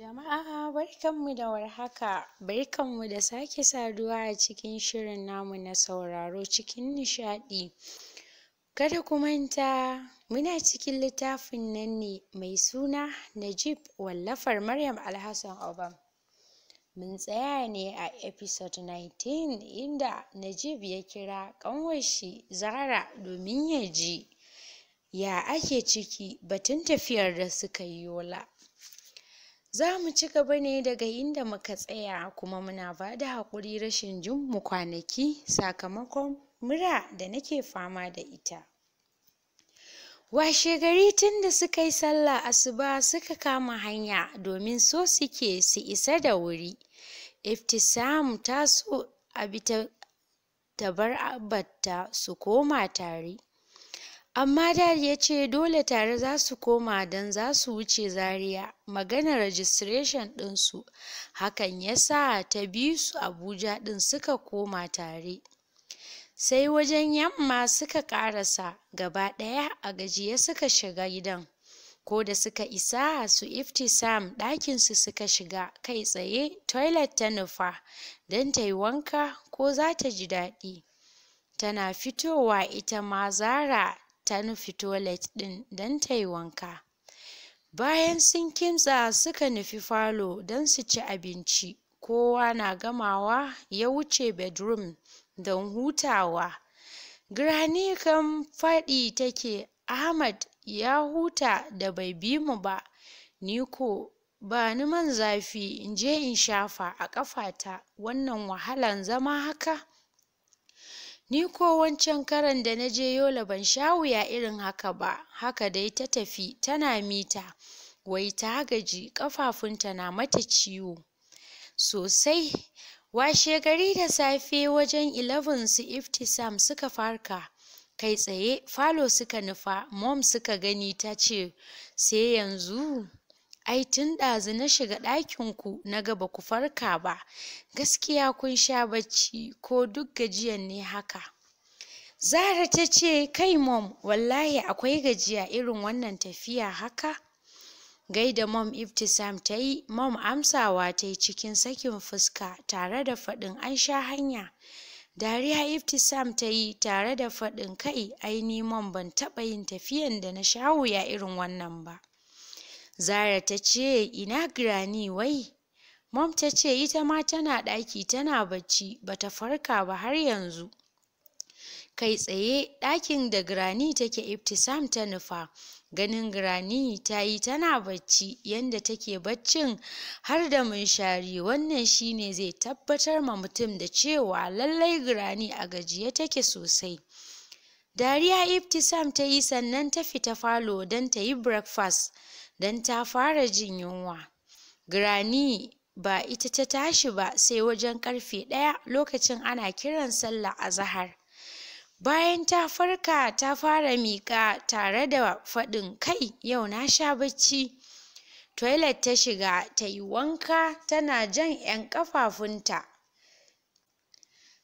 Jama'a barkanmu da warhaka, barkanmu da sake saduwa a cikin shirin namu na sauraro cikin nishaɗi. Kada ku manta muna cikin littafin nan ne mai suna Najib wallafar Maryam Alhassan oban Mun tsaya ne a episode 19 inda Najib ya kira ƙanwarshi Zara domin ya ji ya ake ciki batun tafiyar da suka yi Yola. za mu ci gaba ne daga inda muka tsaya kuma muna ba da haƙuri rashin jin mu kwanaki sakamakon mura da nake fama da ita washe gari tun da suka yi sallah asuba suka kama hanya domin so suke su isa da wuri iftisam ta so a bi ta bar abarta su koma tare Amma Dar ya ce dole tare za su koma don za su wuce Zaria maganar rajistreshen ɗinsu, hakan ya sa ta bi su Abuja ɗin suka koma tare. Sai wajen yamma suka ƙarasa gaba ɗaya a gajiye suka shiga gidan. Ko da suka isa su iftisam ɗakinsu suka shiga kai tsaye toilet ta nufa don ta yi wanka ko za ta ji daɗi. tana fitowa ita ma Zara ta nufi toilet ɗin don ta yi wanka. Bayan sun kimtsa suka nufi falo don su ci abinci, kowa na gamawa ya wuce bedroom don hutawa. Granny kan faɗi take Ahmad ya huta da bai bi mu ba, ni ko ba ni man zafi in je in shafa a ƙafata wannan wahalan zama haka. Ni ko wancan karan da na je Yola ban sha wuya irin haka ba, haka dai ta tafi tana mita, wai ta gaji ƙafafunta na mata ciwo sosai. Washe gari da safe wajen 11 su Iftisam suka farka, kai tsaye falo suka nufa, mom suka gani ta ce, sai yanzu. ai tun ɗazu na shiga ɗakin ku na ga ba ku farka ba gaskiya kun sha bacci ko duk gajiyan ne haka zara ta ce kai mom wallahi akwai gajiya irin wannan tafiya haka gaida mom iftisam ta yi mom amsawa ta yi cikin sakin fuska tare da faɗin an sha hanya dariya iftisam ta yi tare da faɗin kai aini mom ban taɓa yin tafiyan da na sha wuya irin wannan ba Zara ta ce, ina grani wai? Mom ta ce ita ma tana ɗaki tana bacci bata farka ba har yanzu. Kai tsaye ɗakin da grani take iftisam ta nufa. Ganin grani ta yi tana bacci yanda take baccin har da munshari wannan shine zai tabbatar ma mutum da cewa lallai grani a gajiye take sosai. Dariya iftisam ta yi sannan ta fita falo don ta yi breakfast. don ta fara jin yunwa. Grani ba ita ta tashi ba sai wajen ƙarfe ɗaya lokacin ana kiran sallah a zahar. Bayan ta farka ta fara miƙa tare da faɗin kai yau na sha bacci. Toilet ta shiga ta yi wanka tana jan 'yan ƙafafunta.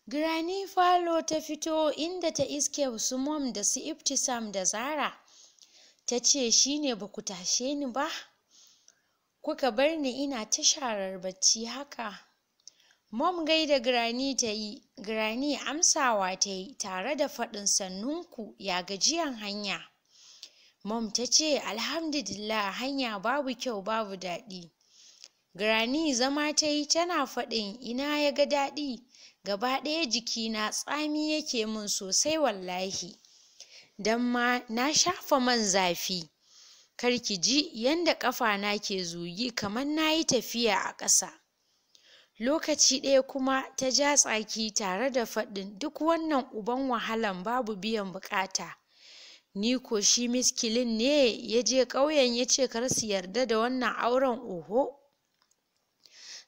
Grani falo ta fito inda ta iske su mom da su Iftisam da Zara. ta ce shi ne ba ku tashe ni ba kuka bar ni ina ta sharar bacci haka mom da grani ta yi Granny amsawa ta yi tare da faɗin sannunku ya gajiyan hanya mom ta ce alhamdulillah hanya babu kyau babu daɗi grani zama ta yi tana faɗin ina ya ga daɗi gaba ɗaya jikina tsami yake min sosai wallahi dan ma na shafa man zafi kar ki ji yanda ƙafana ke zugi kamar na yi tafiya a ƙasa lokaci ɗaya kuma ta ja tsaki tare da faɗin duk wannan uban wahalan babu biyan buƙata ni ko shi miskilin ne ya je ƙauyen ya ce kar su yarda da wannan auren oho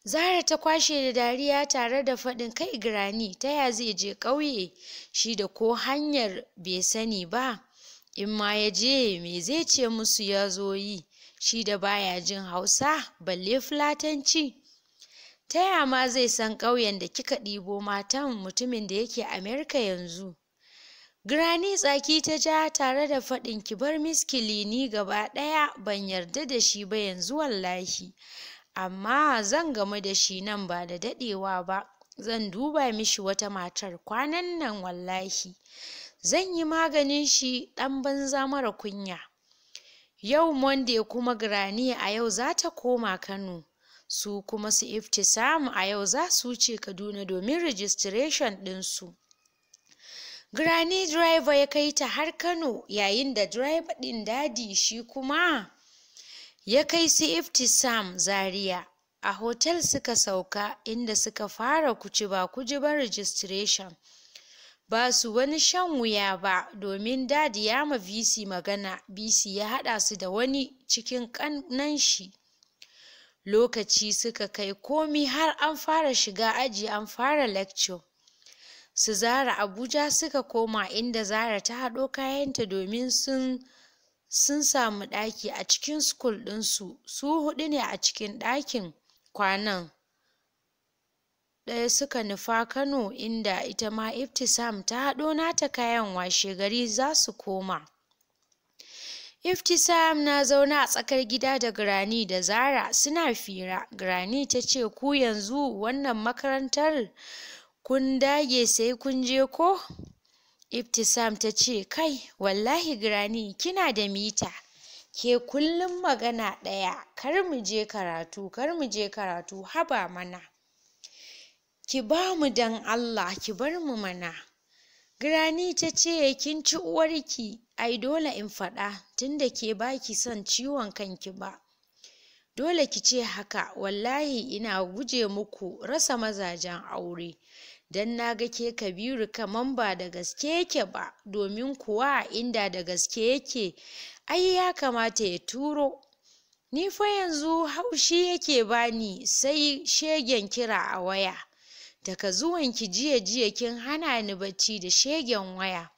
Zahra ta kwashe da dariya tare da faɗin kai Girani ta ya zai je ƙauye shi da ko hanyar bai sani ba, in ma ya je me zai ce musu ya zo yi shi da baya jin Hausa balle Fulatanci. Ta ya ma zai san ƙauyen da kika ɗibo matan mutumin da yake Amerika yanzu? Grani tsaki ta ja tare da faɗin ki bar miskili ni gaba ɗaya ban yarda da shi ba yanzu wallahi. amma zan gamu da shi nan ba da daɗewa ba zan duba mishi wata matar kwanan nan wallahi zan yi maganin shi ɗan banza mara kunya yau monday kuma grani a yau za ta koma kano su kuma su iftisam a yau za su wuce kaduna domin registration ɗinsu grani driver ya kai ta har kano yayin da driver ɗin dadi shi kuma ya kai su Ifti Sam zaria a hotel suka sauka inda suka fara kuci ba kuji ba registration ba su wani shan wuya ba domin dadi ya ma vc magana bc ya haɗa su da wani cikin kanan shi lokaci suka kai komi har an fara shiga aji an fara lecture su zara abuja suka koma inda zara ta haɗo kayanta domin sun sun samu ɗaki a cikin school ɗinsu su huɗu ne a cikin ɗakin kwanan ɗaya suka nufa Kano inda ita ma Iftisam ta haɗo ta kayan washe gari za su koma. Iftisam na zauna a tsakar gida da grani da Zara suna fira. grani ta ce ku yanzu wannan makarantar kun dage sai kun je ko? Ibtisam ta ce, Kai, wallahi grani, kina da mita. Ke kullum magana ɗaya, kar mu je karatu, kar mu je karatu, haba mana. Ki ba mu dan Allah, ki bar mu mana. Grani ta ce, Kin ci uwarki, ai dole in faɗa, tunda ke ba ki son ciwon kanki ba. Dole ki ce haka, wallahi ina guje muku rasa mazajen aure. don na ga ke kabiru kaman ba da gaske yake ba domin kuwa inda da gaske yake ai ya kamata ya turo ni fa yanzu haushi yake bani sai shegen kira a waya daga zuwanki jiya jiya kin hana ni bacci da shegen waya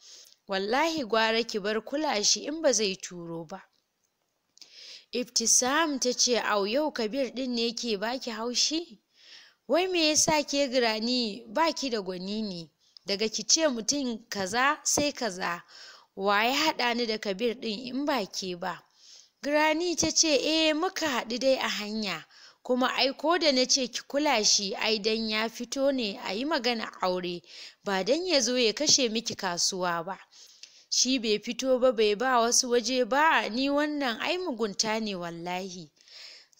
wallahi gwara ki bar kula shi in ba zai turo ba Ibtisam ta ce au yau Kabir din ne ke baki haushi? wai me yasa ke girani ba ki da gwani ne daga ki ce mutum kaza sai kaza wa ya haɗa ni da kabir ɗin in ba ke ba girani ta ce eh muka haɗu dai a hanya kuma ai ko da na ce ki kula shi ai dan ya fito ne a yi magana aure ba dan ya zo ya kashe miki kasuwa ba shi bai fito ba bai ba wasu waje ba ni wannan ai mugunta ne wallahi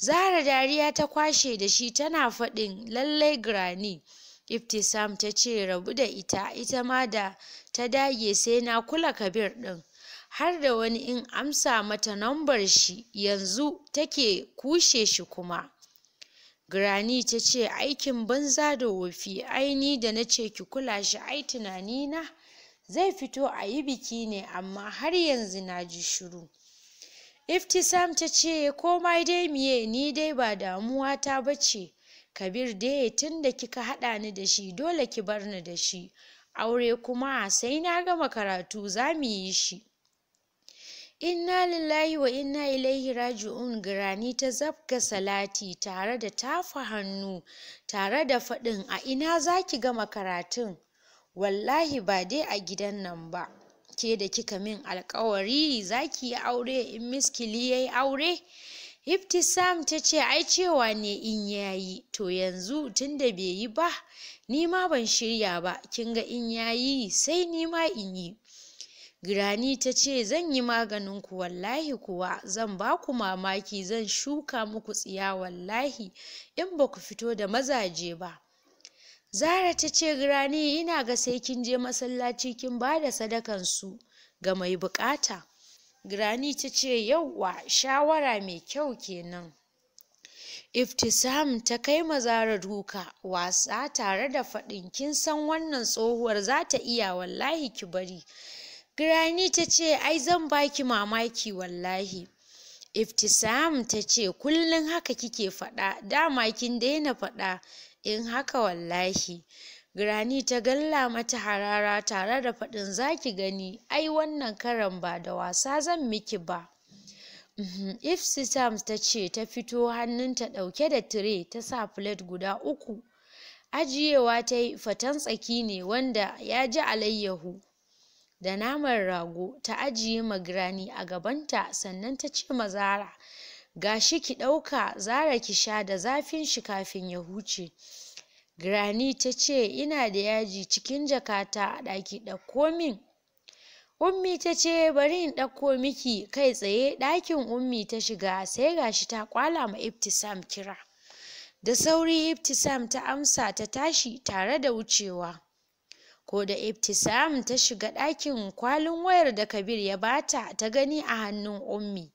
Zara dariya ta kwashe da shi tana faɗin lallai Granny. Iftisam ta ce rabu da ita, ita ma da ta dage sai na kula kabir ɗin. Har da wani in amsa mata nambar shi yanzu take kushe shi kuma. Granny ta ce aikin banza da wofi aini da na ce ki kula shi ai tunani na zai fito a yi biki ne amma har yanzu na ji shiru. Iftisam ta ce komai dai miye ni dai ba damuwa ta bace Kabir dai tun da kika haɗa ni da shi dole ki bar ni da shi aure kuma sai na gama karatu za mu yi shi. Inna lillahi wa inna ilaihi raji'un girani ta zabga salati tare da tafa hannu tare da faɗin a ina za ki gama karatun wallahi ba dai a gidan nan ba. ce da kika min alkawari za ki yi aure in miskili ya yi aure Iftisam ta ce ai cewa ne in yayi to yanzu tun da bai yi ba ni ma ban shirya ba kin ga in yayi sai ni ma in yi Girani ta ce zan yi maganin ku wallahi kuwa zan ba ku mamaki zan shuka muku tsiya wallahi in ba ku fito da mazaje ba Zara ta ce Girani, ina ga sai kin je masallaci kin ba da sadakan su ga mai bukata. girani ta ce yauwa shawara mai kyau kenan. Iftisam ta kai mazara duka wasa tare da faɗin kin san wannan tsohuwar za ta iya wallahi ki bari. girani ta ce ai zan baki mamaki wallahi. Iftisam ta ce kullum haka kike faɗa dama kin daina faɗa in haka wallahi Granny ta galla mata harara tare da faɗin za ki gani ai wannan karan ba da wasa zan miki ba. Mhm. If Sitams ta ce ta fito hannunta ɗauke da tire ta sa filet guda uku. Ajiyewa ta yi fatan tsaki ne wanda ya ji alayyahu da naman rago ta ajiye ma Granny a gabanta sannan ta ce ma Zara gashi ki ɗauka zara ki sha da zafin shi kafin ya huce grani ta ce ina da yaji cikin jakata a ɗaki ɗauko min Ummi ta ce bari in ɗauko miki kai tsaye ɗakin Ummi ta shiga sai gashi ta kwala ma Ibtisam kira da sauri Ibtisam ta amsa ta tashi tare da wucewa ko da Ibtisam ta shiga ɗakin kwalin wayar da Kabir ya bata ta gani a hannun Ummi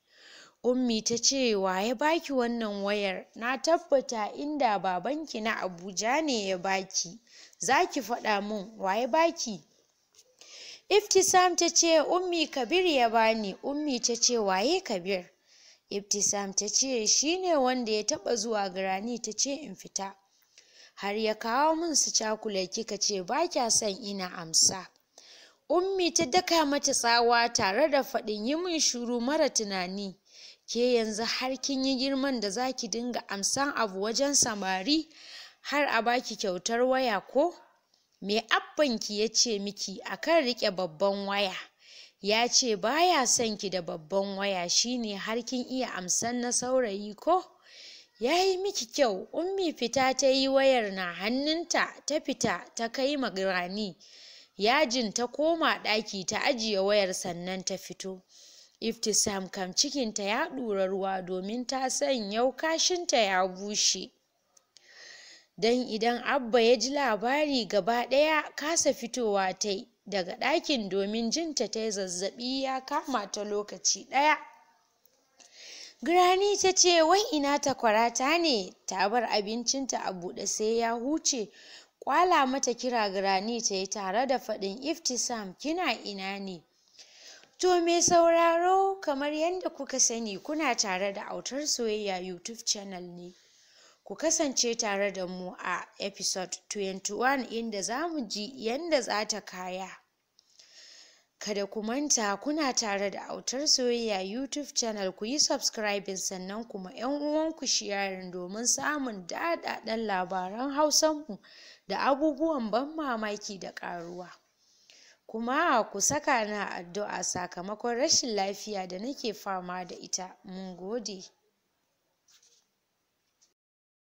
Ummi ta ce wa ya baki wannan wayar na tabbata inda babanki na Abuja ne ya baki zaki ki faɗa min wa ya baki Iftisam ta ce Ummi Kabir ya bani Ummi ta ce waye Kabir Iftisam ta ce shi ne wanda ya taɓa zuwa garani ta ce in fita har ya kawo min su cakulet kika ce ba kya son ina amsa Ummi ta daka mata tsawa tare da faɗin yi min shuru mara tunani ke yanzu har kin yi girman da za ki dinga amsan abu wajen samari har a baki kyautar waya ko me Abban ki ya ce miki a kan riƙe babban waya ya ce ba ya son ki da babban waya shine har kin iya amsan na saurayi ko ya yi miki kyau ummi fita ta yi wayar na hannunta ta fita ta kai ma yajin ta koma ɗaki ta ajiye wayar sannan ta fito Iftisam kam cikinta ya ɗura ruwa domin ta san yau kashinta ya bushe. Don idan Abba ya ji labari gaba ɗaya kasa fitowa ta daga ɗakin domin jinta ta yi zazzaɓi ya kama ta lokaci ɗaya. Girani ta ce wai ina ta kwarata ne ta bar abincinta a buɗe sai ya huce kwala mata kira Girani ta yi tare da faɗin Iftisam kina ina ne To me sauraro kamar yadda kuka sani kuna tare da autar soyayya YouTube channel ne. Ku kasance tare da mu a episode 21 inda za mu ji yadda za ta kaya. Kada ku manta kuna tare da autar soyayya YouTube channel ku yi subscribing sannan kuma 'yan uwanku sharing domin samun daɗaɗɗen labaran Hausanmu da abubuwan ban mamaki da ƙaruwa. kuma ku saka na addu'a sakamakon rashin lafiya da nake fama da ita mun gode